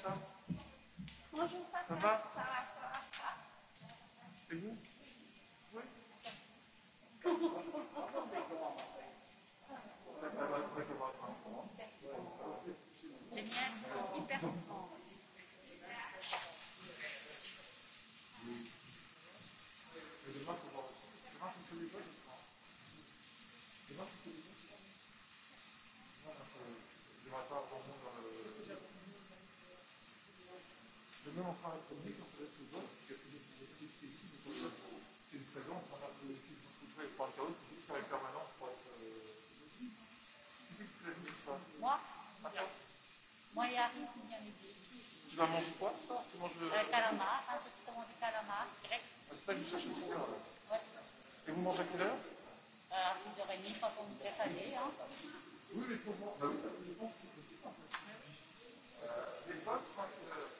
ça Bonjour, papa. Ça va Ça va, ça va, ça va. C'est bon Oui. Les miennes sont hyper grandes. Mais demain, il faut voir. Demain, si tu ne pas, je prends. Demain, si tu ne pas, je prends. Demain, je ne vais pas avoir dans la. bien en faire chronique, on se laisse aux autres, parce qu'il y a plus d'effectifs qui existent, donc en fait, c'est une présence, on a plus d'effectifs pour tout ça et pour un carreau, c'est juste faire une permanence pour être. Euh, qui c'est qui te l'a mis Moi Moi, il y a Harry qui vient m'aider. Tu vas manger quoi toi Tu manges le. Euh, euh, calamar, hein, je suis commandé calamar, grec. Ah, c'est ça que je cherche aussi, ça. Ouais. Et vous mangez à quelle heure euh, À 6h30 quand on nous laisse aller. Hein. Oui, mais pour moi, bah oui, parce que je pense que c'est possible en fait. Euh, les potes, 5 heures.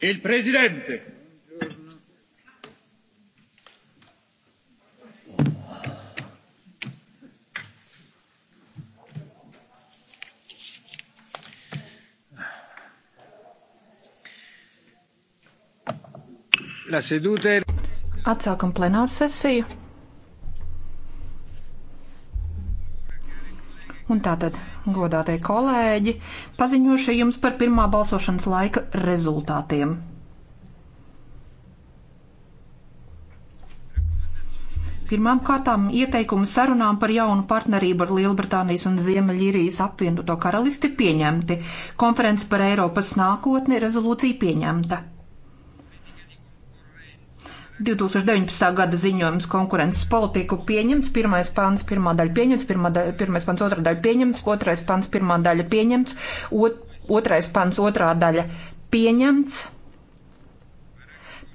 Il Presidente. La seduta è... Atsākam plenāru sesiju. Un tātad, godātie kolēģi, paziņošu jums par pirmā balsošanas laika rezultātiem. Pirmām kārtām ieteikumi sarunām par jaunu partnerību ar Lielbritānijas un Ziemeļīrijas apvienoto karalisti pieņemti, konference par Eiropas nākotni rezolūcija pieņemta. 2019. gada ziņojums konkurences politiku pieņemts, pirmais pāns, pirmā daļa pieņemts, pirmā daļa, pirmais pāns, otrā daļa pieņemts, otrais pāns, pirmā daļa pieņemts, ot, otrais pāns, otrā daļa pieņemts,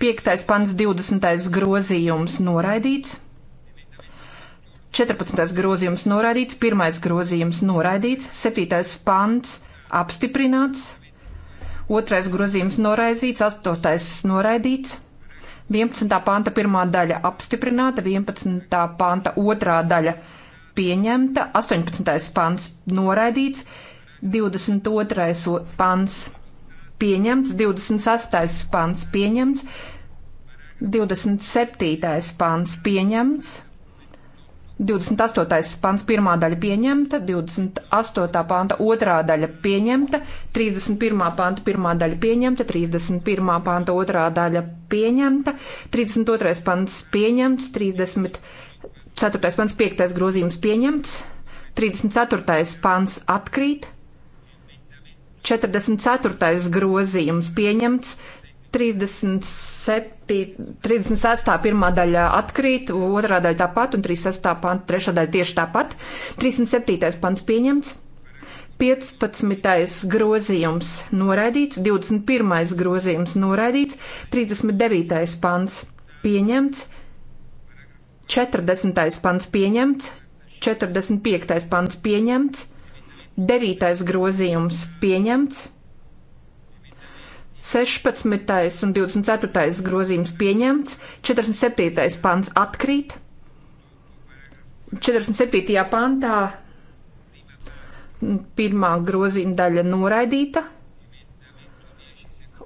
piektais pāns, 20. grozījums noraidīts. 14. grozījums noraidīts, 1. grozījums noraidīts, 7. pants apstiprināts, 2. grozījums noraidīts, 8. noraidīts, 11. panta pirmā daļa apstiprināta, 11. panta otrā daļa pieņemta, 18. pants noraidīts, 22. pants pieņemts, 26. pants pieņemts, 27. pants pieņemts. 28. pants pirmā daļa pieņemta, 28. panta otrā daļa pieņemta, 31. panta pirmā daļa pieņemta, 31. panta otrā daļa pieņemta, 32. pants pieņemts, 34. pants 5. grozījums pieņemts, 34. pants atkrīt, 44. grozījums pieņemts, 37, 36. pirmā daļa atkrīt, otrā daļa tāpat, un 36. pants, trešā daļa tieši tāpat. 37. pants pieņemts, 15. grozījums noraidīts, 21. grozījums noraidīts, 39. pants pieņemts, 40. pants pieņemts, 45. pants pieņemts, 9. grozījums pieņemts. 16. un 24. grozījums pieņemts, 47. pants atkrīt. 47. pantā pirmā grozījuma daļa noraidīta,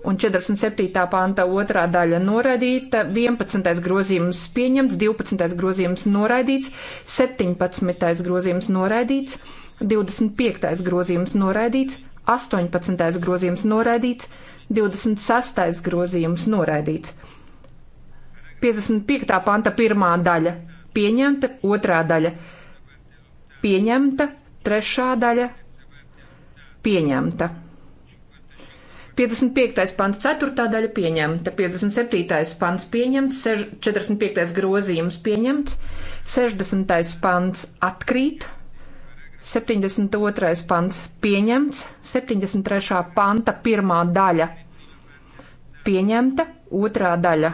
un 47. panta otrā daļa noraidīta, 11. grozījums pieņemts, 12. grozījums noraidīts, 17. grozījums noraidīts, 25. grozījums noraidīts, 18. grozījums noraidīts, 26. grozījums noraidīts. 55. panta pirmā daļa pieņemta, otrā daļa pieņemta, trešā daļa pieņemta. 55. pants, 4. daļa pieņemta, 57. pants pieņemts, 45. grozījums pieņemts, 60. pants atkrīt, 72. pants pieņemts, 73. panta pirmā daļa pieņemta, otrā daļa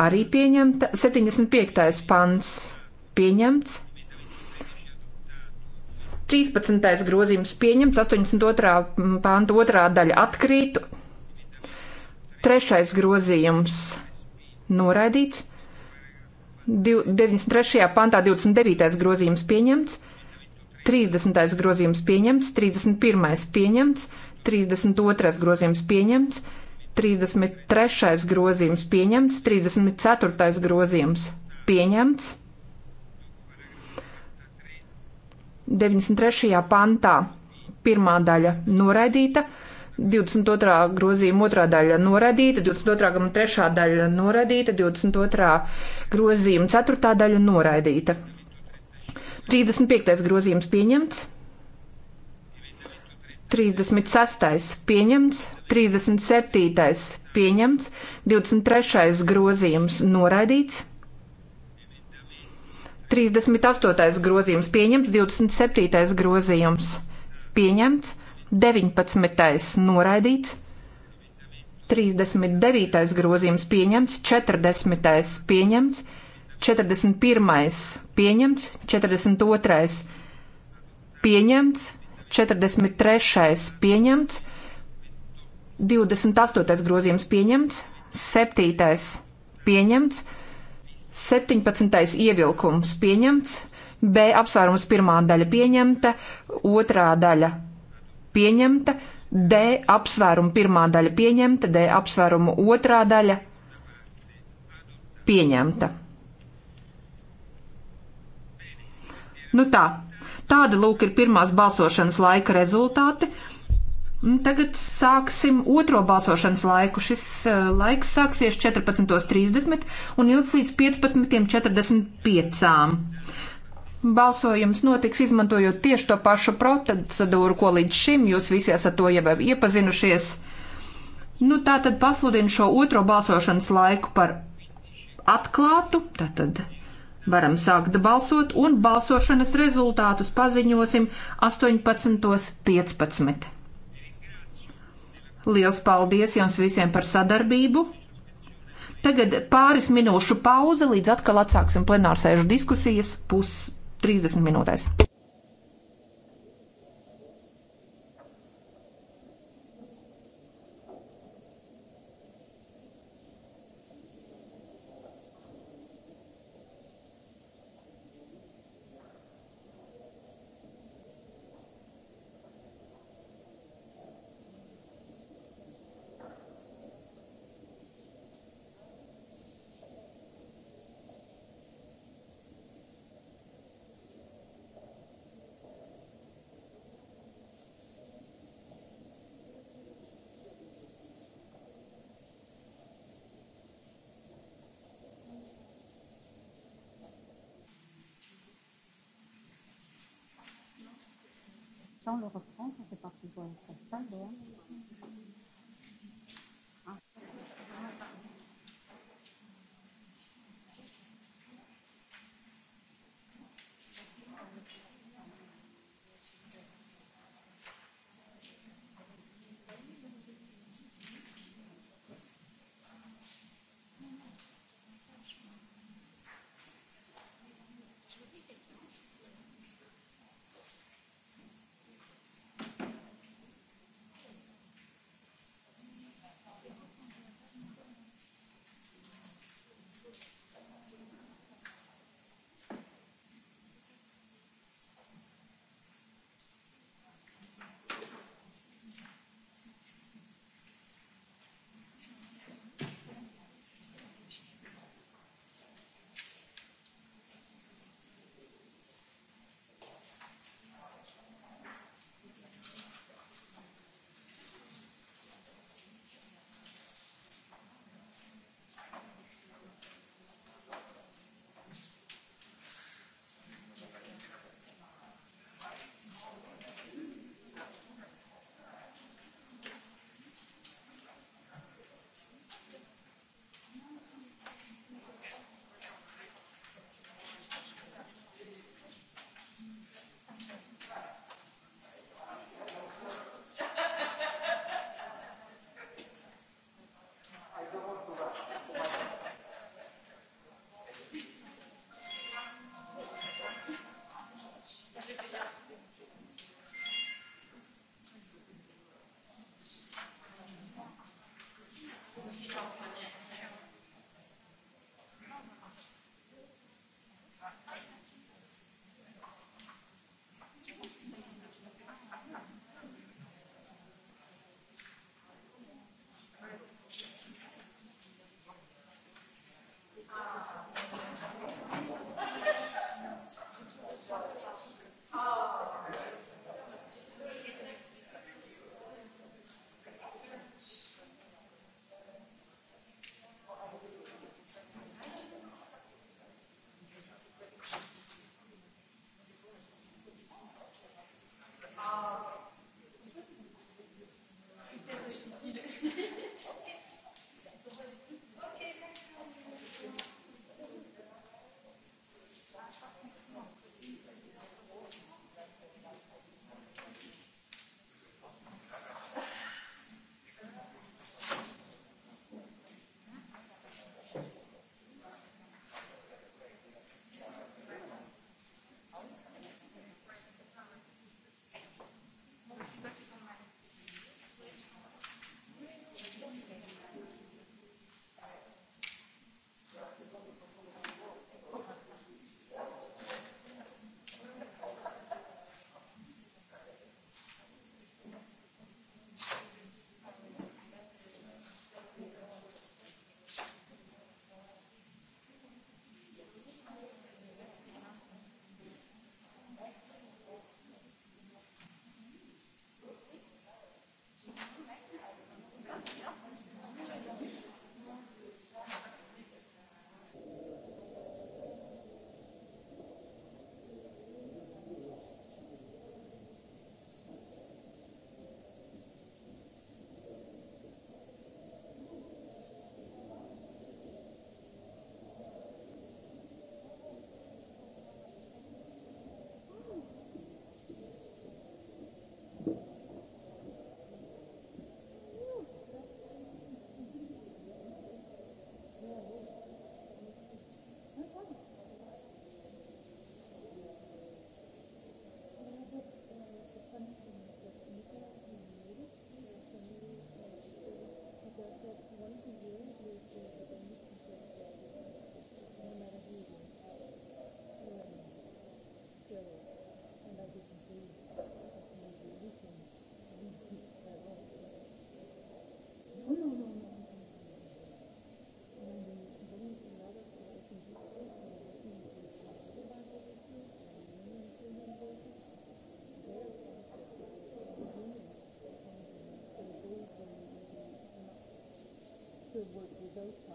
arī pieņemta, 75. pants pieņemts, 13. grozījums pieņemts, 82. panta otrā daļa atkrīt, trešais grozījums noraidīts, 93. pantā 29. grozījums pieņemts. 30. grozījums pieņemts, 31. pieņemts, 32. grozījums pieņemts, 33. grozījums pieņemts, 34. grozījums pieņemts. 93. pantā pirmā daļa noraidīta, 22. grozījuma otrā daļa noraidīta, 22. grozījuma trešā daļa noraidīta, 22. grozījuma ceturtā daļa noraidīta. 35. grozījums pieņemts. 36. pieņemts, 37. pieņemts, 23. grozījums noraidīts, 38. grozījums pieņemts, 27. grozījums pieņemts, 19. noraidīts, 39. grozījums pieņemts, 40. pieņemts, 41. pieņemts, 42. pieņemts, 43. pieņemts, 28. grozījums pieņemts, 7. pieņemts, 17. ievilkums pieņemts, B apsvērums pirmā daļa pieņemta, otrā daļa pieņemta, D apsvērumu pirmā daļa pieņemta, D apsvērumu otrā daļa pieņemta. Nu tā, tāda lūk ir pirmās balsošanas laika rezultāti. Tagad sāksim otro balsošanas laiku. Šis eh, laiks sāksies 14.30 un ilgs līdz 15.45. Balsojums notiks izmantojot tieši to pašu procedūru, ko līdz šim jūs visi esat to jau iepazinušies. Nu, tā tad pasludinu šo otro balsošanas laiku par atklātu, tātad Varam sākt balsot, un balsošanas rezultātus paziņosim 18.15. Liels paldies jums visiem par sadarbību! Tagad pāris minūšu pauze, līdz atkal atsāksim plenārsēžu diskusijas pus 30 minūtēs. sans le refrain ça fait partie du respect. Ça, Léa Western work results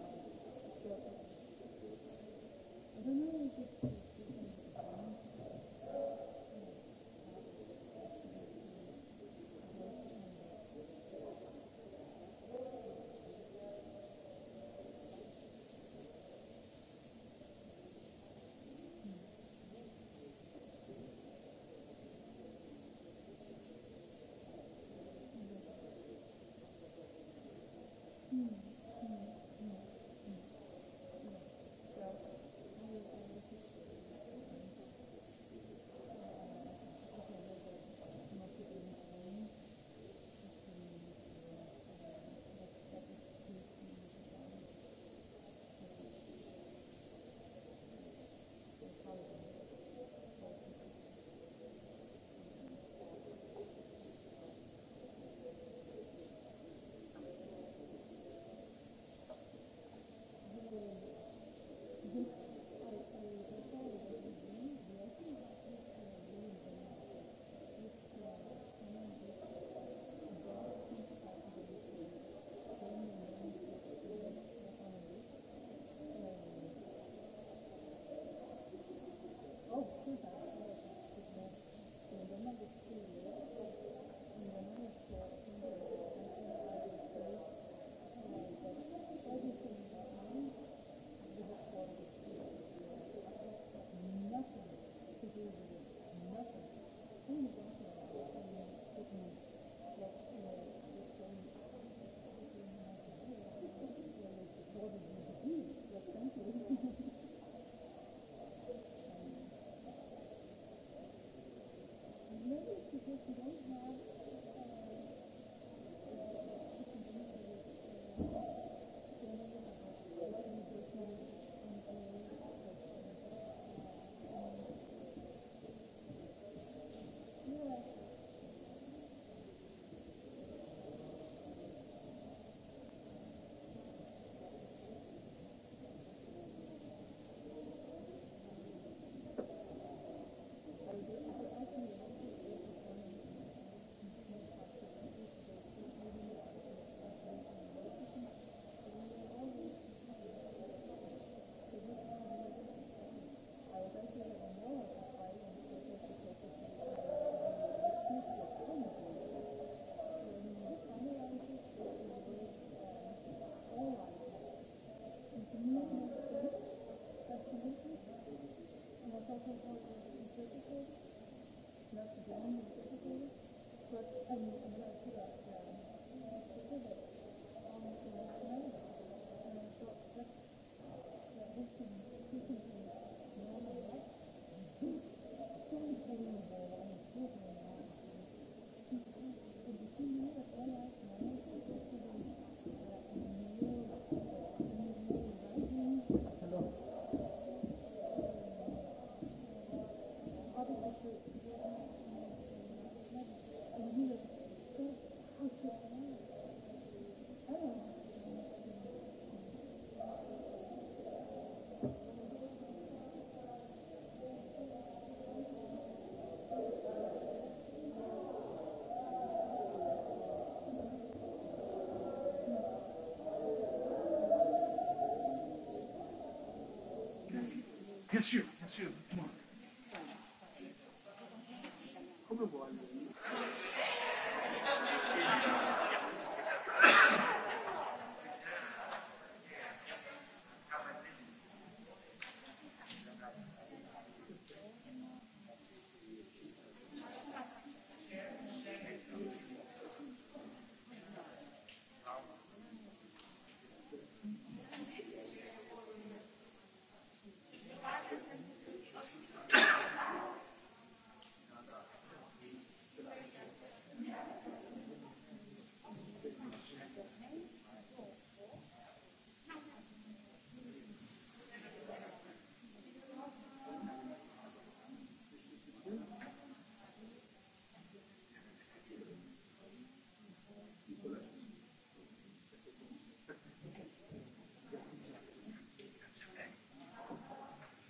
sûr, bien sûr.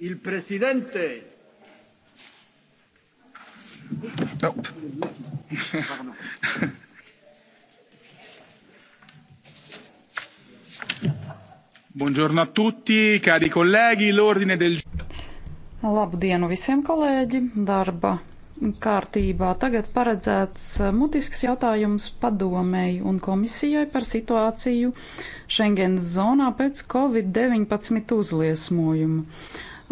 Il presidente. Nope. Buongiorno a tutti, cari colleghi, l'ordine del Labdienu visiem kolēģi, darba kārtībā tagad paredzēts mutisks jautājums padomēji un komisijai par situāciju Schengen zonā pēc Covid-19 uzliesmojumu.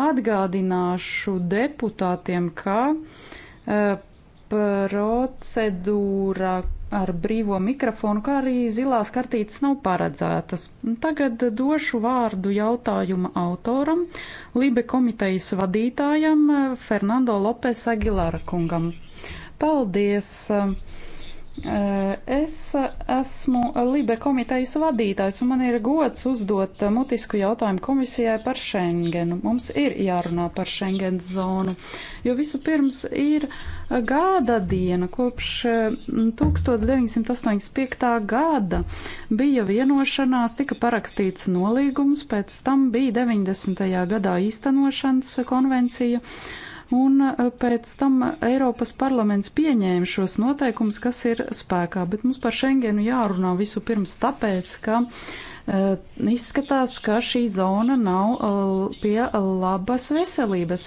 Atgādināšu deputātiem, ka e, procedūra ar brīvo mikrofonu, kā arī zilās kartītes nav paredzētas. Tagad došu vārdu jautājuma autoram, Libe komitejas vadītājam e, Fernando Lopes Aguilara kungam. Paldies! Uh, Es esmu Libe komitejas vadītājs, un man ir gods uzdot mutisku jautājumu komisijai par Schengenu. Mums ir jārunā par Schengens zonu, jo vispirms ir gada diena kopš 1985. gada bija vienošanās, tika parakstīts nolīgums, pēc tam bija 90. gadā īstenošanas konvencija. Uh, un e, pēc tam Eiropas parlaments pieņēma šos noteikumus, kas ir spēkā. Bet mums par Schengenu jārunā visu pirms tāpēc, ka Eh, izskatās, ka šī zona nav eh, pie labas veselības.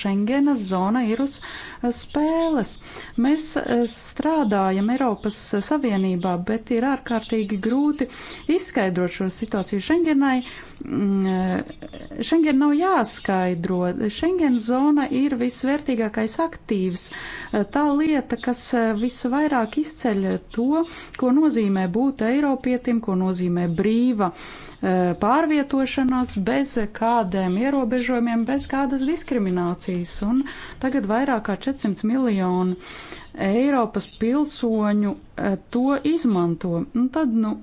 Šengenas zona ir uz eh, spēles. Mēs strādājam Eiropas Savienībā, bet ir ārkārtīgi grūti izskaidrot šo situāciju Šengenai. Šengen mm, nav jāskaidro. Šengen zona ir visvērtīgākais aktīvs. Tā lieta, kas visvairāk izceļ to, ko nozīmē būt Eiropietim, ko nozīmē brīvība brīva e, pārvietošanās bez kādiem ierobežojumiem, bez kādas diskriminācijas. Un tagad vairāk kā 400 miljonu Eiropas pilsoņu e, to izmanto. Un tad, nu,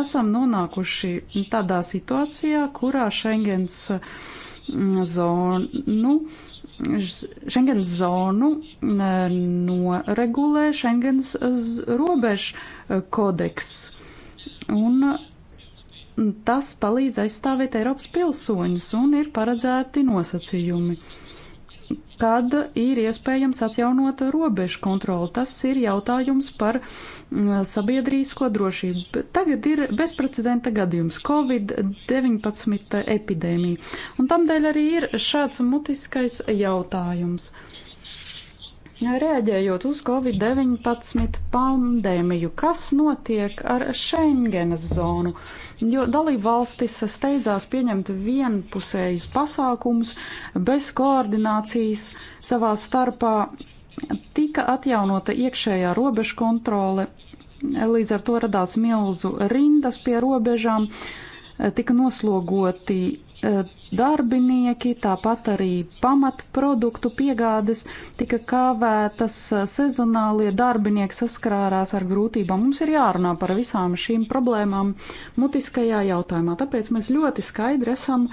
esam nonākuši tādā situācijā, kurā Schengens mm, zonu, Schengens zonu e, noregulē Schengens robežu kodeks. Un Tas palīdz aizstāvēt Eiropas pilsoņus un ir paredzēti nosacījumi. Kad ir iespējams atjaunot robežu kontroli, tas ir jautājums par mm, sabiedrīsko drošību. Tagad ir bezprecedenta gadījums - Covid-19 epidēmija, un tamdēļ arī ir šāds mutiskais jautājums. Uh, Rēģējot uz Covid-19 pandēmiju, kas notiek ar Schengenas zonu? Jo dalību valstis steidzās pieņemt vienpusējus pasākumus bez koordinācijas savā starpā. Tika atjaunota iekšējā robežu kontrole, līdz ar to radās milzu rindas pie robežām, tika noslogoti Eh, darbinieki, tāpat arī pamatproduktu piegādes tika kavētas, eh, sezonālie darbinieki saskārās ar grūtībām. Mums ir jārunā par visām šīm problēmām mutiskajā jautājumā, tāpēc mēs ļoti skaidri esam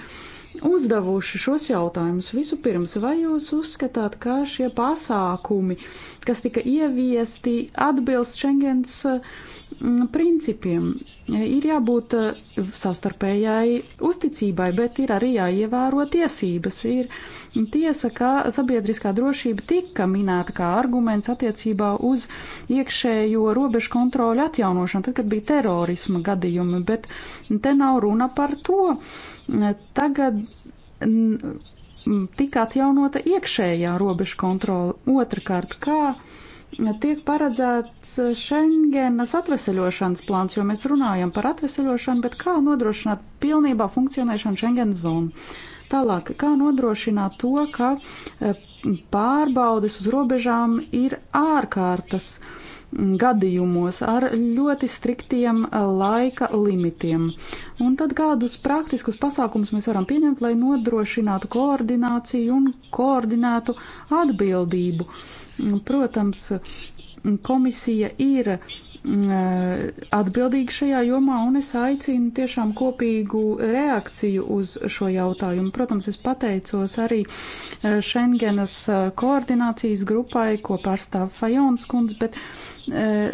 uzdevuši šos jautājumus. Vispirms, vai jūs uzskatāt, ka šie pasākumi, kas tika ieviesti, atbilst Schengens mm, principiem? Ir jābūt eh, savstarpējai uzticībai, bet ir arī jāievēro tiesības. Ir tiesa, ka sabiedriskā drošība tika minēta kā arguments attiecībā uz iekšējo robežu kontroļu atjaunošanu, tad, kad bija terorisma gadījumi, bet te nav runa par to. Tagad tika atjaunota iekšējā robežu kontrola. Otrakārt, kā tiek paredzēts eh, Schengenas atveseļošanas plāns, jo mēs runājam par atveseļošanu, bet kā nodrošināt pilnībā funkcionēšanu Schengenas zonu? Tālāk, kā nodrošināt to, ka eh, pārbaudes uz robežām ir ārkārtas mm, gadījumos ar ļoti striktiem eh, laika limitiem. Un tad kādus praktiskus pasākumus mēs varam pieņemt, lai nodrošinātu koordināciju un koordinētu atbildību Protams, komisija ir mm, eh, atbildīga šajā jomā, un es aicinu tiešām kopīgu reakciju uz šo jautājumu. Protams, es pateicos arī eh, Schengenas eh, koordinācijas grupai, ko pārstāv Fajons kundze, bet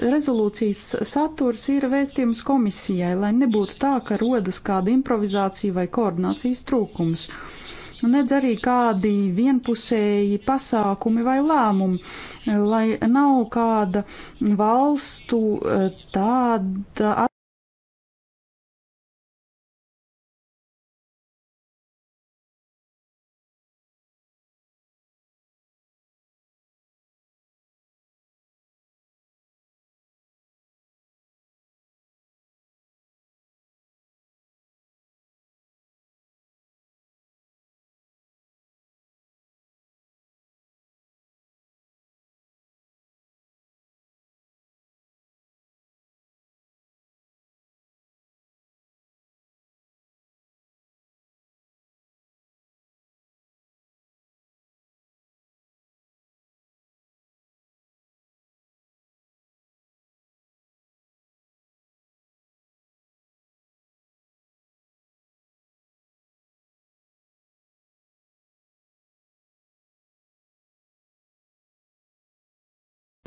rezolūcijas saturs ir vēstījums komisijai, lai nebūtu tā, ka rodas kāda improvizācija vai koordinācijas trūkums. Uh, Nu, nedz arī kādi vienpusēji pasākumi vai lēmumi, lai nav kāda valstu eh, tāda.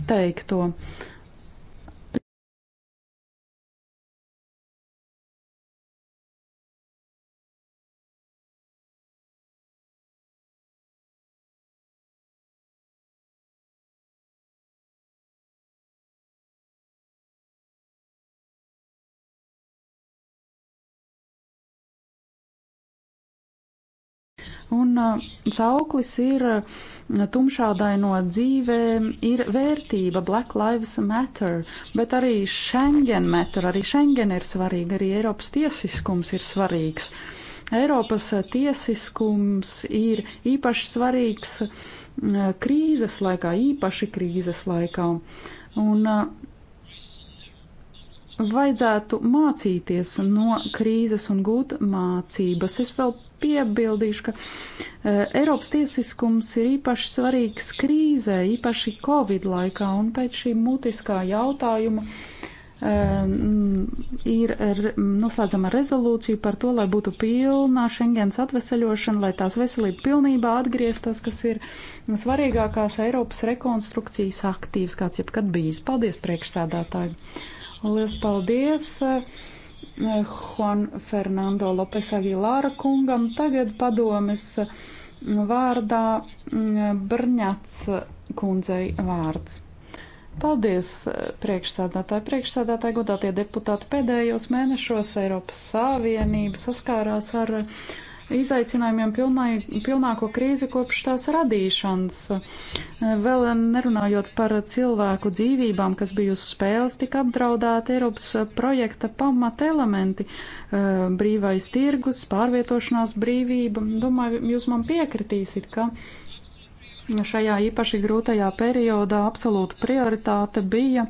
teikto. Un cauklis uh, ir uh, tumšādaino dzīvē, ir vērtība, Black Lives Matter, bet arī Schengen matter, arī Schengen ir svarīga, arī Eiropas tiesiskums ir svarīgs. Eiropas uh, tiesiskums ir īpaši svarīgs krīzes laikā, īpaši krīzes laikā. Un vajadzētu mācīties no krīzes un gūt mācības. Es vēl piebildīšu, ka e, Eiropas tiesiskums ir īpaši svarīgs krīzē, īpaši Covid laikā, un pēc šī mutiskā jautājuma um, ir noslēdzama rezolūcija par to, lai būtu pilnā Schengens atveseļošana, lai tās veselība pilnībā atgrieztos, kas ir svarīgākās Eiropas rekonstrukcijas aktīvs, kāds jebkad bijis. Paldies priekšsēdātāji! Lielas paldies! Eh, Juan Fernando Lopes Aguilāra kungam. Tagad padomis mm, vārdā mm, Brņats kundzei vārds. Paldies, priekšsādātāji. Priekšsādātāji, godātie deputāti, pēdējos mēnešos Eiropas Savienība saskārās ar uh, izaicinājumiem pilnai, pilnāko krīzi kopš tās radīšanas. Vēl nerunājot par cilvēku dzīvībām, kas bija uz spēles, tika apdraudēti Eiropas projekta pamata elementi eh, - brīvais tirgus, pārvietošanās brīvība. Domāju, jūs man piekritīsit, ka šajā īpaši grūtajā periodā absolūta prioritāte bija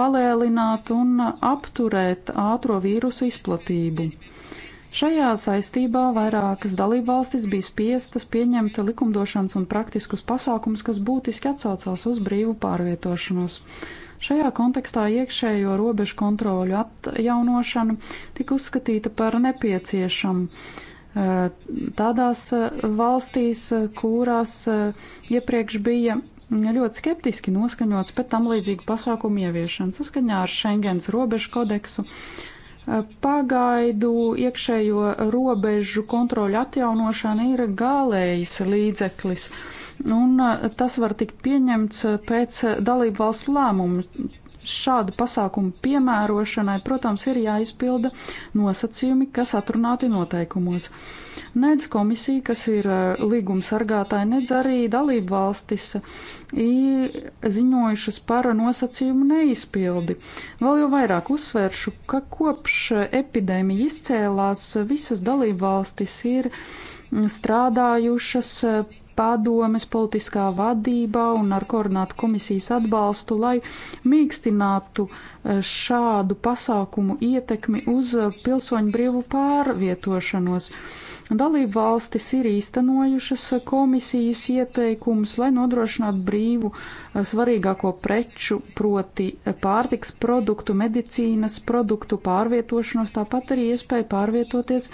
palēlināt un apturēt ātro vīrusu izplatību. Šajā saistībā vairākas dalībvalstis bija spiestas pieņemt likumdošanas un praktiskus pasākumus, kas būtiski atsaucās uz brīvu pārvietošanos. Šajā kontekstā iekšējo robežu kontroļu atjaunošana tika uzskatīta par nepieciešamu eh, tādās eh, valstīs, eh, kurās iepriekš bija ļoti skeptiski noskaņots pēc tam līdzīgu pasākumu ieviešanu saskaņā ar Schengens robežu kodeksu. Uh, Pagaidu iekšējo robežu kontroļu atjaunošana ir galējs līdzeklis, un uh, tas var tikt pieņemts uh, pēc dalību valstu lēmumu šāda pasākuma piemērošanai, protams, ir jāizpilda nosacījumi, kas atrunāti noteikumos. Nedz komisija, kas ir e, līguma sargātāja, nedz arī dalību valstis ziņojušas par nosacījumu neizpildi. Vēl jau vairāk uzsvēršu, ka kopš epidēmija izcēlās, visas dalību valstis ir strādājušas e, padomes politiskā vadībā un ar koordinātu komisijas atbalstu, lai mīkstinātu eh, šādu pasākumu ietekmi uz eh, pilsoņu brīvu pārvietošanos. Uh, Dalību valstis ir īstenojušas komisijas ieteikumus, lai nodrošinātu brīvu eh, svarīgāko preču, proti eh, pārtiks produktu, medicīnas produktu pārvietošanos, tāpat arī iespēju pārvietoties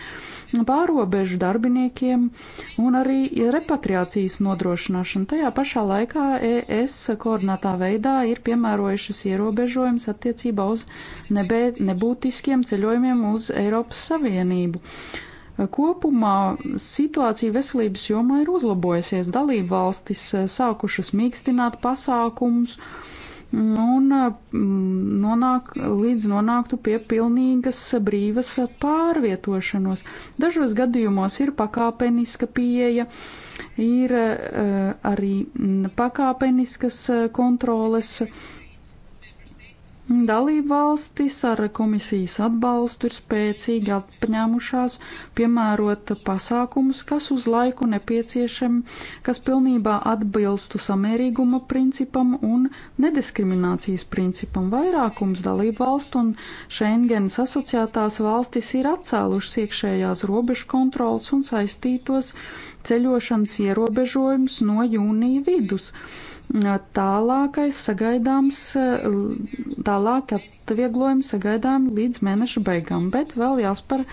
pārobežu darbiniekiem un arī repatriācijas nodrošināšanu. Tajā pašā laikā ES koordinētā veidā ir piemērojušas ierobežojums attiecībā uz nebē, nebūtiskiem ceļojumiem uz Eiropas Savienību. Uh, Kopumā situācija veselības jomā ir uzlabojusies. Dalība valstis eh, sākušas mīkstināt pasākumus un eh, nonāk, līdz nonāktu pie pilnīgas eh, brīvas pārvietošanos. Dažos gadījumos ir pakāpeniska pieeja, ir arī pakāpeniskas kontroles. Uh, Dalību valstis ar komisijas atbalstu ir spēcīgi apņēmušās piemērot pasākumus, kas uz laiku nepieciešami, kas pilnībā atbilstu samērīguma principam un nediskriminācijas principam. Vairākums dalību valstu un Schengens asociētās valstis ir atcēlušas iekšējās robežu kontrols un saistītos ceļošanas ierobežojumus no jūnija vidus. Tālākais sagaidāms, tālāk atvieglojumi sagaidām līdz mēneša beigām, bet vēl jāspēr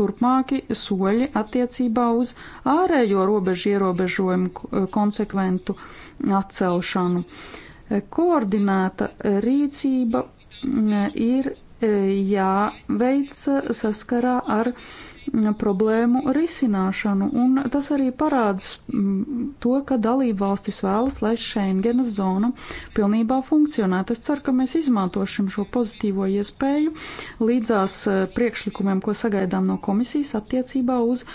turpmāki soļi attiecībā uz ārējo robežu ierobežojumu konsekventu atcelšanu. Koordinēta rīcība mm, ir e, jāveic saskarā ar problēmu risināšanu, un tas arī parāds mm, to, ka dalību valstis vēlas, lai Schengenas zona pilnībā funkcionētu. Es ceru, ka mēs izmantošam šo pozitīvo iespēju līdzās e, priekšlikumiem, ko sagaidām no komisijas attiecībā uz e,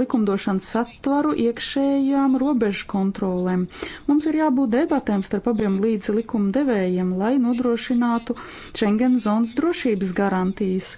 likumdošanas satvaru iekšējām robežu kontrolēm. Mums ir jābūt debatēm starp abiem līdz likumdevējiem, lai nodrošinātu Schengenas zonas drošības garantijas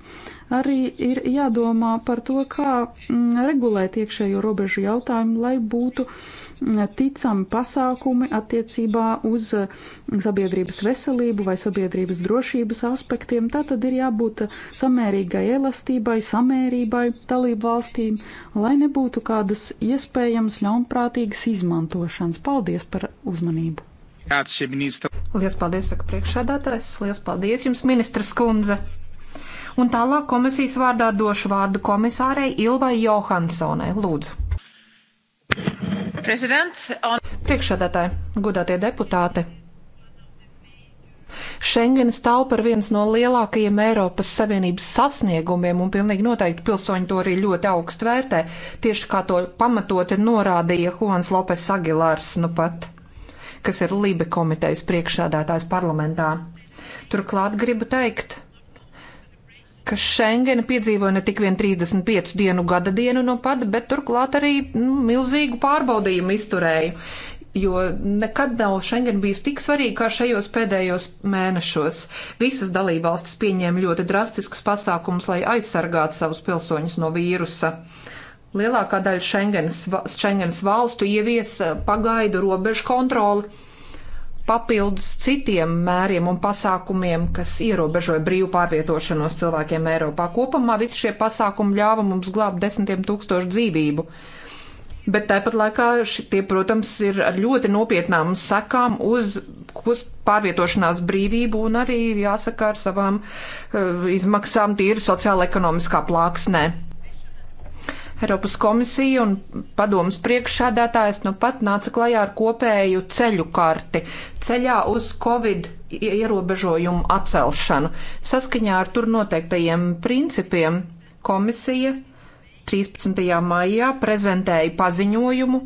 arī ir jādomā par to, kā mm, regulēt iekšējo robežu jautājumu, lai būtu mm, ticami pasākumi attiecībā uz mm, sabiedrības veselību vai sabiedrības drošības aspektiem. Tā tad ir jābūt samērīgai elastībai, samērībai dalību valstīm, lai nebūtu kādas iespējamas ļaunprātīgas izmantošanas. Paldies par uzmanību! Liels paldies, saka priekšsēdētājs. Liels paldies jums, ministra skundze! Un tālāk komisijas vārdā došu vārdu komisārei Ilvai Johansonai. Lūdzu. On... Priekšsēdētāji, godātie deputāti. Schengenas telpa ir viens no lielākajiem Eiropas Savienības sasniegumiem, un pilnīgi noteikti pilsoņi to arī ļoti augstu vērtē, tieši kā to pamatoti norādīja Juans Lopes Agilārs, nu pat, kas ir Libe komitejas priekšsēdētājs parlamentā. Turklāt gribu teikt, ka Schengena piedzīvoja ne tik vien 35 dienu gada dienu no pat, bet turklāt arī nu, milzīgu pārbaudījumu izturēju, jo nekad nav Schengen bijusi tik svarīga kā šajos pēdējos mēnešos. Visas dalībvalstis pieņēma ļoti drastiskus pasākumus, lai aizsargātu savus pilsoņus no vīrusa. Lielākā daļa Schengenas, Schengenas valstu ievies pagaidu robežu kontroli papildus citiem mēriem un pasākumiem, kas ierobežoja brīvu pārvietošanos cilvēkiem Eiropā. Kopumā visi šie pasākumi ļāva mums glābt desmitiem tūkstošu dzīvību. Bet tāpat laikā tie, protams, ir ar ļoti nopietnām sekām uz pārvietošanās brīvību un arī jāsaka ar savām uh, izmaksām tīri sociāla ekonomiskā plāksnē. Eiropas komisija un padomas priekšsādātājs nu pat nāca klajā ar kopēju ceļu karti ceļā uz Covid ierobežojumu atcelšanu. Saskaņā ar tur noteiktajiem principiem komisija 13. maijā prezentēja paziņojumu,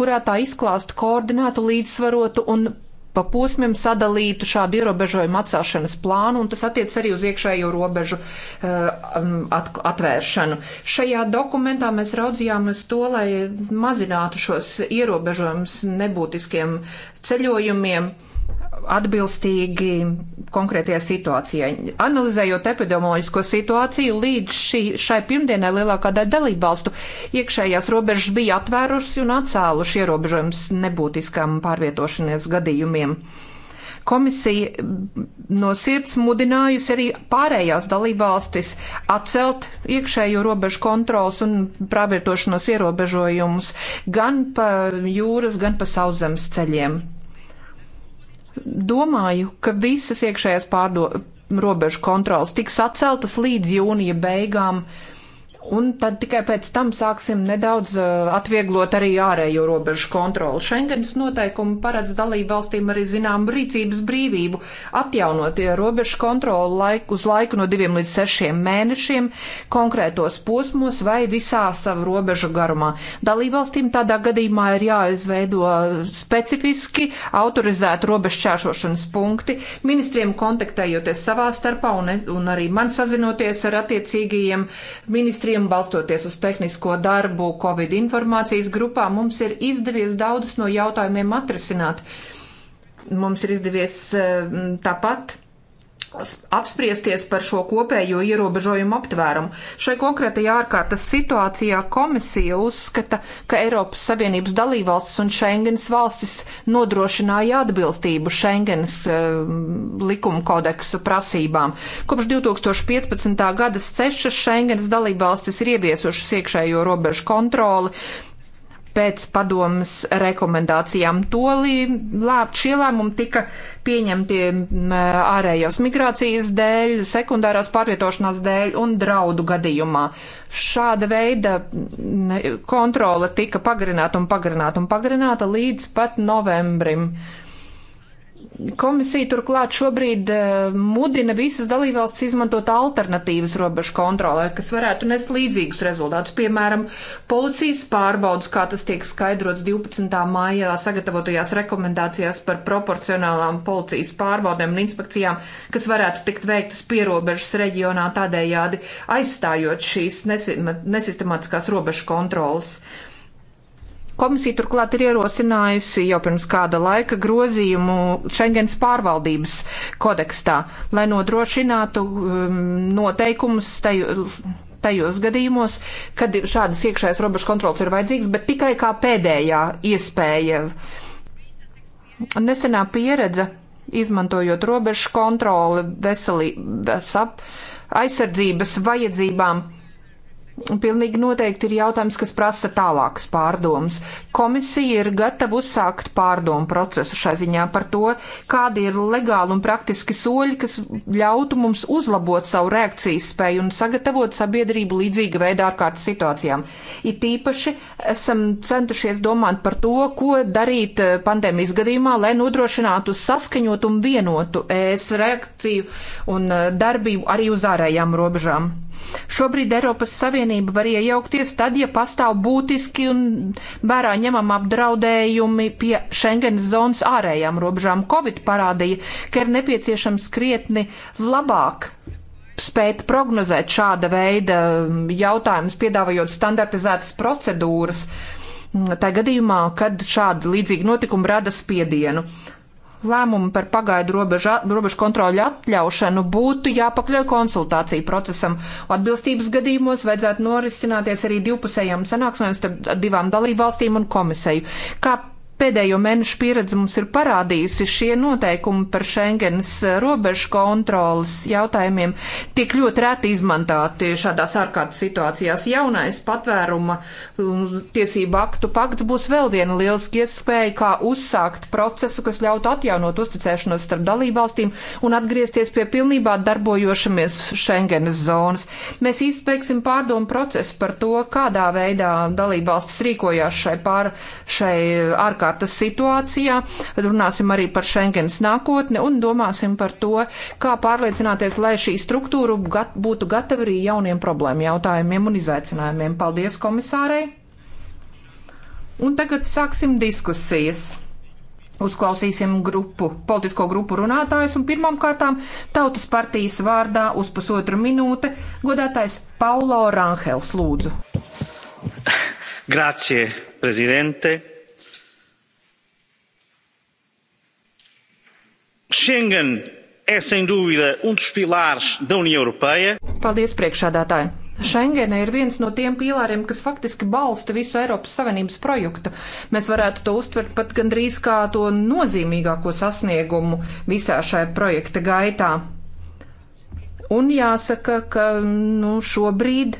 kurā tā izklāst koordinātu, līdzsvarotu un pa posmiem sadalītu šādu ierobežojumu atcelšanas plānu, un tas attiec arī uz iekšējo robežu eh, um, atvēršanu. Šajā dokumentā mēs raudzījāmies to, lai mazinātu šos ierobežojumus nebūtiskiem ceļojumiem atbilstīgi konkrētajai situācijai. Analizējot epidemioloģisko situāciju, līdz šī, šai pirmdienai lielākā daļa dalībvalstu iekšējās robežas bija atvērusi un atcēluši ierobežojums nebūtiskām pārvietošanās gadījumiem komisija mm, no sirds mudinājusi arī pārējās dalībvalstis atcelt iekšējo robežu kontrols un pravietoršanos ierobežojumus gan pa jūras, gan pa sauszemes ceļiem. Domāju, ka visas iekšējās pārdo robežu kontrolas tiks atceltas līdz jūnija beigām. Uh, Un tad tikai pēc tam sāksim nedaudz eh, atvieglot arī ārējo robežu kontroli. Šengens noteikumi paredz dalību valstīm arī zinām rīcības brīvību atjaunot robežu kontroli laiku uz laiku no diviem līdz sešiem mēnešiem konkrētos posmos vai visā savu robežu garumā. Dalību valstīm tādā gadījumā ir jāizveido specifiski autorizēti robežu čāšošanas punkti, ministriem kontaktējoties savā starpā un, un arī man sazinoties ar attiecīgajiem ministriem ministriem, balstoties uz tehnisko darbu Covid informācijas grupā, mums ir izdevies daudzus no jautājumiem atrisināt. Mums ir izdevies eh, tāpat apspriesties par šo kopējo ierobežojumu aptvērumu. Šai konkrētajā ārkārtas situācijā komisija uzskata, ka Eiropas Savienības dalībvalstis un Schengens valstis nodrošināja atbilstību Schengens uh, likuma kodeksa prasībām. Kopš 2015. gada sešas Schengens dalībvalstis ir ieviesušas iekšējo robežu kontroli pēc padomas rekomendācijām. To lēpt šie lēmumi tika pieņemti ārējās migrācijas dēļ, sekundārās pārvietošanās dēļ un draudu gadījumā. Šāda veida kontrole tika pagarināta un pagarināta un pagarināta līdz pat novembrim. Uh, Komisija turklāt šobrīd eh, mudina visas dalībvalstis izmantot alternatīvas robežu kontrolē, kas varētu nest līdzīgus rezultātus. Piemēram, policijas pārbaudas, kā tas tiek skaidrots 12. maijā sagatavotajās rekomendācijās par proporcionālām policijas pārbaudēm un inspekcijām, kas varētu tikt veiktas pierobežas reģionā tādējādi aizstājot šīs nesistemātiskās robežu kontrolas. Uh, Komisija turklāt ir ierosinājusi jau pirms kāda laika grozījumu Schengens pārvaldības kodekstā, lai nodrošinātu um, noteikumus tajā tajos gadījumos, kad šādas iekšējās robežu kontrols ir vajadzīgs, bet tikai kā pēdējā iespēja. Nesenā pieredze, izmantojot robežu kontroli veselības aizsardzības vajadzībām pilnīgi noteikti ir jautājums, kas prasa tālākas pārdomas. Komisija ir gatava uzsākt pārdomu procesu šai ziņā par to, kādi ir legāli un praktiski soļi, kas ļautu mums uzlabot savu reakcijas spēju un sagatavot sabiedrību līdzīga veida ārkārtas situācijām. It īpaši esam centušies domāt par to, ko darīt eh, pandēmijas gadījumā, lai nodrošinātu saskaņot un vienotu ES reakciju un eh, darbību arī uz ārējām robežām. Šobrīd Eiropas Savienība var iejaukties tad, ja pastāv būtiski un vērā ņemam apdraudējumi pie Schengenas zonas ārējām robežām. Covid parādīja, ka ir nepieciešams krietni labāk spēt prognozēt šāda veida jautājumus, piedāvājot standartizētas procedūras. Tā gadījumā, kad šādi līdzīgi notikumi rada spiedienu lēmumu par pagaidu robežu, robežu kontroļu atļaušanu būtu jāpakļauj konsultāciju procesam. Atbilstības gadījumos vajadzētu norisināties arī divpusējām sanāksmēm starp divām dalībvalstīm un komisiju. Kā Pēdējo mēnešu pieredze mums ir parādījusi šie noteikumi par Schengens eh, robežu kontrolas jautājumiem tiek ļoti reti izmantāti šādās ārkārtas situācijās. Jaunais patvēruma mm, tiesību aktu pakts būs vēl viena lieliski iespēja, kā uzsākt procesu, kas ļautu atjaunot uzticēšanos starp dalībvalstīm un atgriezties pie pilnībā darbojošamies Schengenas zonas. Mēs īsti veiksim pārdomu procesu par to, kādā veidā dalībvalstis rīkojās šai pār šai ārkārtas ārkārtas situācijā, runāsim arī par Schengens nākotni un domāsim par to, kā pārliecināties, lai šī struktūra gat būtu gatava arī jauniem problēmu jautājumiem un izaicinājumiem. Paldies komisārei! Un tagad sāksim diskusijas. Uzklausīsim grupu, politisko grupu runātājus un pirmām kārtām Tautas partijas vārdā uz pusotru minūte godātais Paulo Ranhels lūdzu. Grazie, prezidente. Schengen é sem dúvida um dos pilares da União Europeia. Paldies, priekšādātāji! Schengena ir viens no tiem pīlāriem, kas faktiski balsta visu Eiropas Savienības projektu. Mēs varētu to uztvert pat gandrīz kā to nozīmīgāko sasniegumu visā šajā projekta gaitā. Un jāsaka, ka nu, šobrīd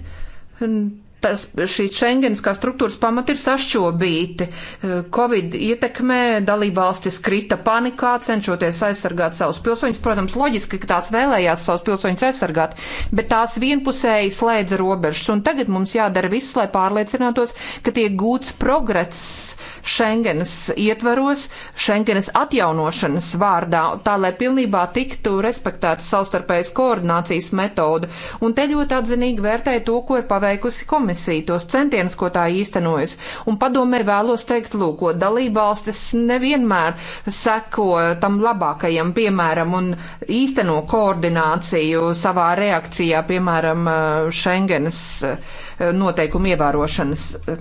tas, šīs Schengenskās struktūras pamati ir sašķobīti. Eh, Covid ietekmē dalībvalstis krita panikā, cenšoties aizsargāt savus pilsoņus. Protams, loģiski, ka tās vēlējās savus pilsoņus aizsargāt, bet tās vienpusēji slēdza robežas. Un tagad mums jādara viss, lai pārliecinātos, ka tiek gūts progress Schengenas ietvaros, Schengenas atjaunošanas vārdā, tā lai pilnībā tiktu respektēta savstarpējas koordinācijas metoda. Un te ļoti atzinīgi vērtēja to, ko ir paveikusi komisija komisiju, tos centienus, ko tā īstenojas. Un padomē vēlos teikt, lūk, dalībvalstis nevienmēr seko tam labākajam, piemēram, un īsteno koordināciju savā reakcijā, piemēram, Schengenas eh, noteikumu ievērošanas eh,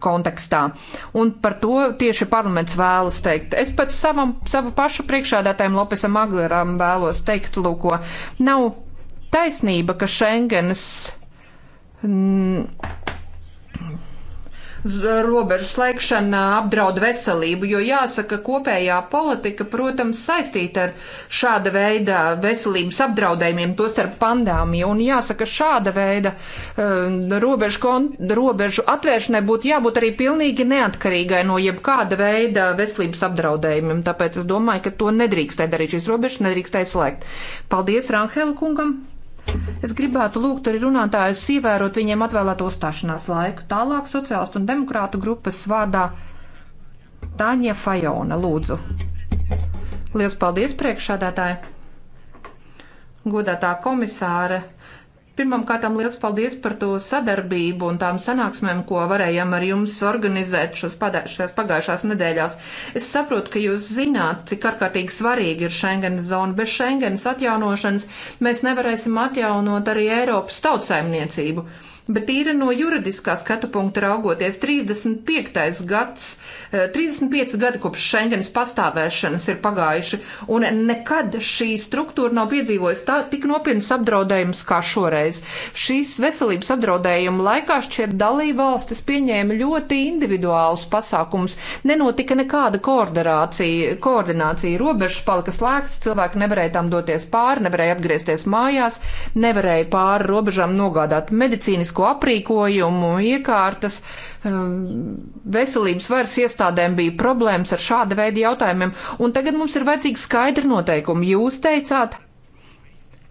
kontekstā. Un par to tieši parlaments vēlas teikt. Es pat savam, savu pašu priekšādātājiem Lopesam Agleram vēlos teikt, lūko, nav taisnība, ka Schengenas mm, robežu slēgšana apdraud veselību, jo jāsaka, kopējā politika, protams, saistīta ar šāda veida veselības apdraudējumiem, to starp pandāmiju, un jāsaka, šāda veida eh, robežu, kon, robežu atvēršanai būtu jābūt arī pilnīgi neatkarīgai no jebkāda veida veselības apdraudējumiem, tāpēc es domāju, ka to nedrīkstē darīt, šīs robežas nedrīkstē slēgt. Paldies Rānhēlu kungam! Es gribētu lūgt arī runātājus ievērot viņiem atvēlēto uzstāšanās laiku. Tālāk sociālistu un demokrātu grupas vārdā Tāņa Fajona, lūdzu. Lielas paldies priekšādātāji! Godātā komisāre! Pirmkārt, liels paldies par to sadarbību un tām sanāksmēm, ko varējām ar jums organizēt šajās pagājušās nedēļās. Es saprotu, ka jūs zināt, cik ārkārtīgi svarīgi ir Schengenas zona. Bez Schengenas atjaunošanas mēs nevarēsim atjaunot arī Eiropas tautsēmniecību bet tīra no juridiskā skatu punkta raugoties, 35. gads, 35 eh, gadi kopš Schengens pastāvēšanas ir pagājuši, un nekad šī struktūra nav piedzīvojusi tā tik nopietnas apdraudējumus kā šoreiz. Šīs veselības apdraudējuma laikā šķiet dalība valstis pieņēma ļoti individuālus pasākumus, nenotika nekāda koordinācija, koordinācija robežas palika slēgts, cilvēki nevarēja tam doties pāri, nevarēja atgriezties mājās, nevarēja pāri robežām nogādāt medicīnisku medicīnisko aprīkojumu, iekārtas. Um, veselības varas iestādēm bija problēmas ar šāda veida jautājumiem, un tagad mums ir vajadzīgi skaidri noteikumi. Jūs teicāt,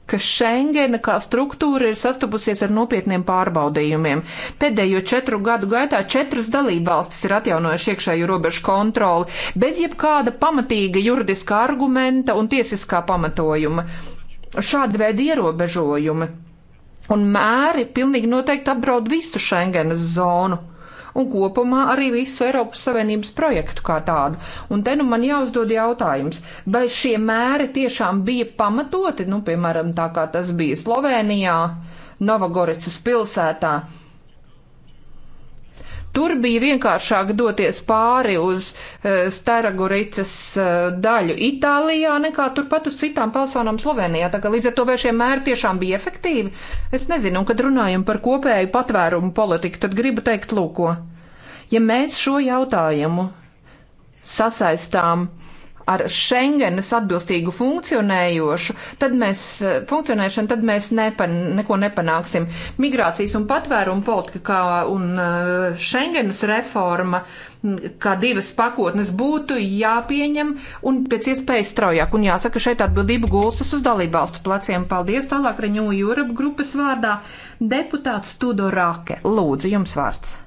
ka Schengena kā struktūra ir sastapusies ar nopietniem pārbaudījumiem. Pēdējo četru gadu gaitā četras dalībvalstis ir atjaunojuši iekšēju robežu kontroli bez jebkāda pamatīga juridiska argumenta un tiesiskā pamatojuma. Šāda veida ierobežojumi Un mēri pilnīgi noteikti apdraud visu Schengenas zonu un kopumā arī visu Eiropas Savienības projektu kā tādu. Un te nu man jāuzdod jautājums, vai šie mēri tiešām bija pamatoti, nu, piemēram, tā kā tas bija Slovenijā, Novagoricas pilsētā, Tur bija vienkāršāk doties pāri uz uh, eh, Staraguricas uh, eh, daļu Itālijā nekā turpat uz citām pilsonām Slovenijā. Tā kā līdz ar to vai šie mēri tiešām bija efektīvi, es nezinu, un kad runājam par kopēju patvērumu politiku, tad gribu teikt lūko. Ja mēs šo jautājumu sasaistām ar Schengenas atbilstīgu funkcionējošu, tad mēs, eh, funkcionēšanu, tad mēs nepan, neko nepanāksim. Migrācijas un patvērumu politika kā, un eh, Schengenas reforma, kā divas pakotnes, būtu jāpieņem un pēc iespējas straujāk. Un jāsaka, šeit atbildība gulstas uz dalībvalstu pleciem. Paldies tālāk Renew Europe grupas vārdā. Deputāts Tudorāke, lūdzu, jums vārds.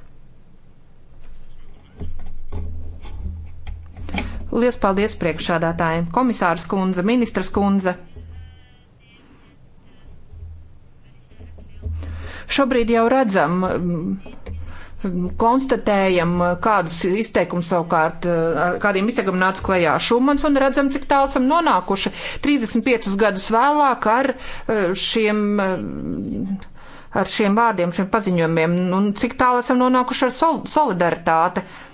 Lielas paldies priekšādātājiem, komisārs kundze, ministras kundze. Šobrīd jau redzam, mm, konstatējam, kādus izteikumus savukārt, eh, ar kādiem izteikumiem nāca klajā Šumans un redzam, cik tālu esam nonākuši 35 gadus vēlāk ar eh, šiem eh, ar šiem vārdiem, šiem paziņojumiem, un cik tālu esam nonākuši ar sol solidaritāti. Uh,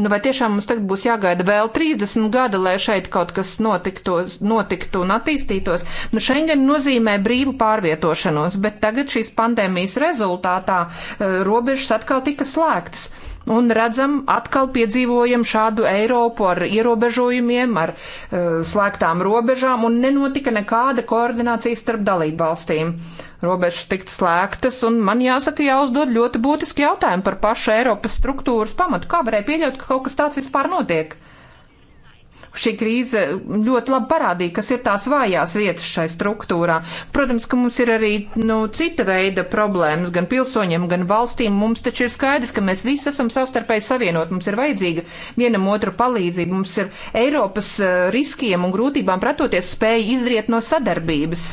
Nu, vai tiešām mums tagad būs jāgaida vēl 30 gadi, lai šeit kaut kas notiktos, notiktu un attīstītos? Nu, Schengen nozīmē brīvu pārvietošanos, bet tagad šīs pandēmijas rezultātā eh, robežas atkal tika slēgtas un redzam, atkal piedzīvojam šādu Eiropu ar ierobežojumiem, ar uh, slēgtām robežām, un nenotika nekāda koordinācija starp dalību valstīm. Robežas tika slēgtas, un man jāsaka, jāuzdod ļoti būtiski jautājumi par pašu Eiropas struktūras pamatu. Kā varēja pieļaut, ka kaut kas tāds vispār notiek? Šī krīze ļoti labi parādīja, kas ir tās vājās vietas šai struktūrā. Protams, ka mums ir arī nu, cita veida problēmas gan pilsoņiem, gan valstīm. Mums taču ir skaidrs, ka mēs visi esam savstarpēji savienot. Mums ir vajadzīga vienam otru palīdzība. Mums ir Eiropas eh, riskiem un grūtībām pretoties spēja izriet no sadarbības.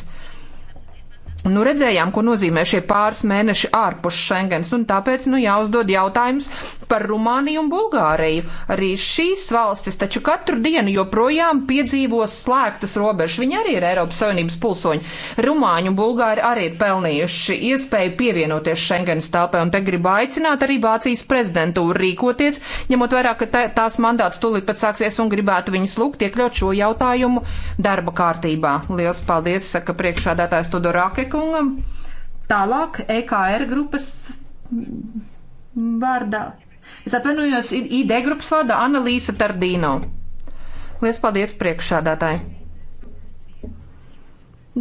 Nu, redzējām, ko nozīmē šie pāris mēneši ārpus Schengens, un tāpēc, nu, jāuzdod jautājums par Rumāniju un Bulgāriju. Arī šīs valstis taču katru dienu joprojām piedzīvo slēgtas robežas. Viņi arī ir Eiropas Savienības pulsoņi. Rumāņu un Bulgāri arī ir pelnījuši iespēju pievienoties Schengens telpai, un te gribu aicināt arī Vācijas prezidentūru rīkoties, ņemot vērā, ka tā, tās mandāts tūlīt pat sāksies un gribētu viņus lūgt iekļaut šo jautājumu darba kārtībā. Liels paldies, saka priekšādātājs Todorākeku kungam. Tālāk EKR grupas vārdā. Es atvainojos ID grupas vārdā Analīsa Tardīno. Lies paldies priekšādātāji!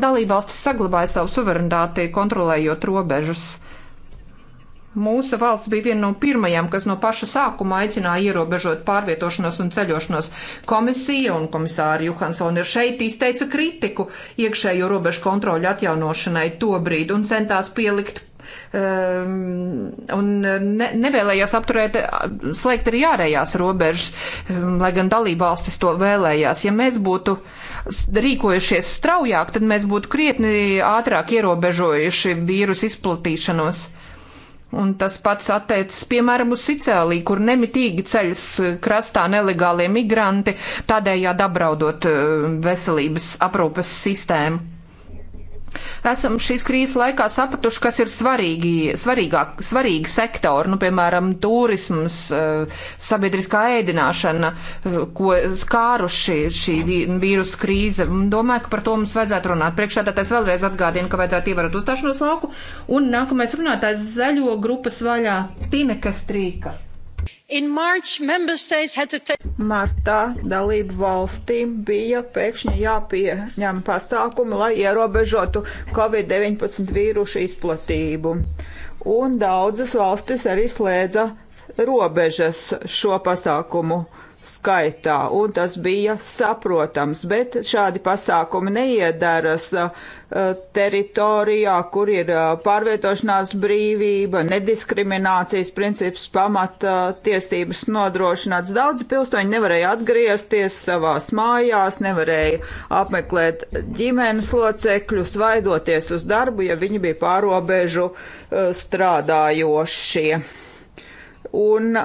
Dalībvalstis saglabāja savu suverenitāti, kontrolējot robežas Mūsu valsts bija viena no pirmajām, kas no paša sākuma aicināja ierobežot pārvietošanos un ceļošanos. Komisija un komisāri Johansson ir šeit izteica kritiku iekšējo robežu kontroļu atjaunošanai tobrīd un centās pielikt. Um, un ne, nevēlējās apturēt, slēgt arī ārējās robežas, um, lai gan dalībvalstis to vēlējās. Ja mēs būtu rīkojušies straujāk, tad mēs būtu krietni ātrāk ierobežojuši vīrusu izplatīšanos. Uh, Un tas pats attiecas, piemēram, uz Sicēliju, kur nemitīgi ceļas eh, krastā nelegālie migranti, tādējādi apdraudot eh, veselības aprūpes sistēmu esam šīs krīzes laikā sapratuši, kas ir svarīgi, svarīgāk, svarīgi sektori, nu, piemēram, turisms, eh, sabiedriskā ēdināšana, eh, ko skāruši šī vīrusu krīze. Domāju, ka par to mums vajadzētu runāt. Priekšādātais vēlreiz atgādina, ka vajadzētu ievērot uzstāšanos lauku. Un nākamais runātājs zaļo grupas vaļā Tineka Strīka. March, to... Martā dalību valstīm bija pēkšņi jāpieņem pasākumi, lai ierobežotu Covid-19 vīrusu izplatību. Un daudzas valstis arī slēdza robežas šo pasākumu skaitā, un tas bija saprotams, bet šādi pasākumi neiedaras uh, teritorijā, kur ir uh, pārvietošanās brīvība, nediskriminācijas princips, pamata uh, tiesības nodrošināts. Daudzi pilsoņi nevarēja atgriezties savās mājās, nevarēja apmeklēt ģimenes locekļus, vaidoties uz darbu, ja viņi bija pārobežu strādājošie un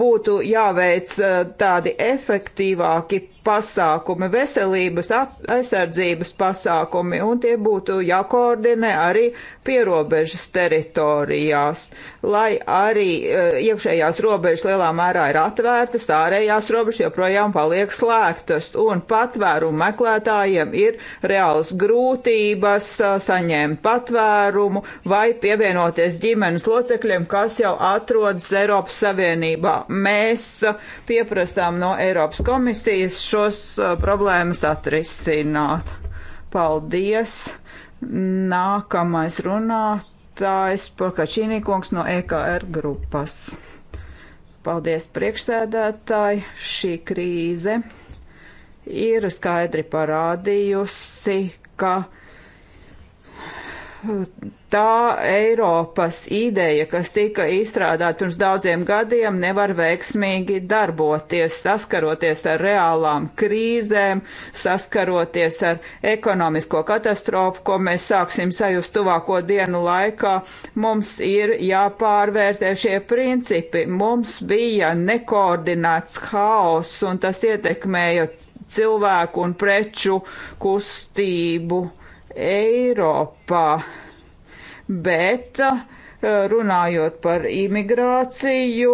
būtu jāveic eh, tādi efektīvāki pasākumi, veselības ap, aizsardzības pasākumi, un tie būtu jākoordinē arī pierobežas teritorijās, lai arī eh, iekšējās robežas lielā mērā ir atvērtas, ārējās robežas joprojām paliek slēgtas, un patvērumu meklētājiem ir reāls grūtības eh, saņemt patvērumu vai pievienoties ģimenes locekļiem, kas jau atrodas Eiropas Savienībā. Mēs eh, pieprasām no Eiropas komisijas šos problēmas atrisināt. Paldies! Nākamais runātājs Porkačīnī kungs no EKR grupas. Paldies priekšsēdētāji! Šī krīze ir skaidri parādījusi, ka tā Eiropas ideja, kas tika izstrādāta pirms daudziem gadiem, nevar veiksmīgi darboties, saskaroties ar reālām krīzēm, saskaroties ar ekonomisko katastrofu, ko mēs sāksim sajust tuvāko dienu laikā. Mums ir jāpārvērtē šie principi. Mums bija nekoordinēts haoss, un tas ietekmēja cilvēku un preču kustību Eiropā. Bet uh, runājot par imigrāciju,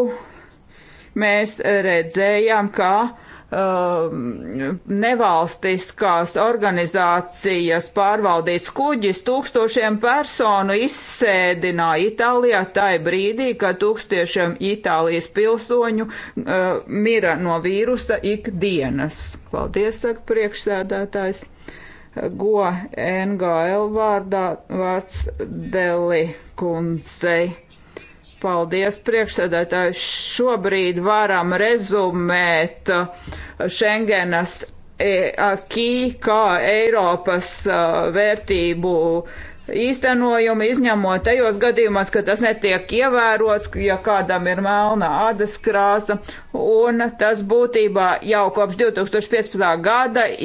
mēs redzējām, ka uh, nevalstiskās organizācijas pārvaldīts kuģis tūkstošiem personu izsēdināja Itālijā tajā brīdī, kad tūkstošiem Itālijas pilsoņu uh, mira no vīrusa ikdienas. Paldies, saka priekšsēdētājs go NGL vārdā vārds Deli kundzei. Paldies, priekšsēdētāji. Šobrīd varam rezumēt uh, Schengenas e, akī kā Eiropas uh, vērtību īstenojumu, izņemot tajos gadījumos, ka tas netiek ievērots, ja kādam ir melna ādas krāsa, un tas būtībā jau kopš 2015. gada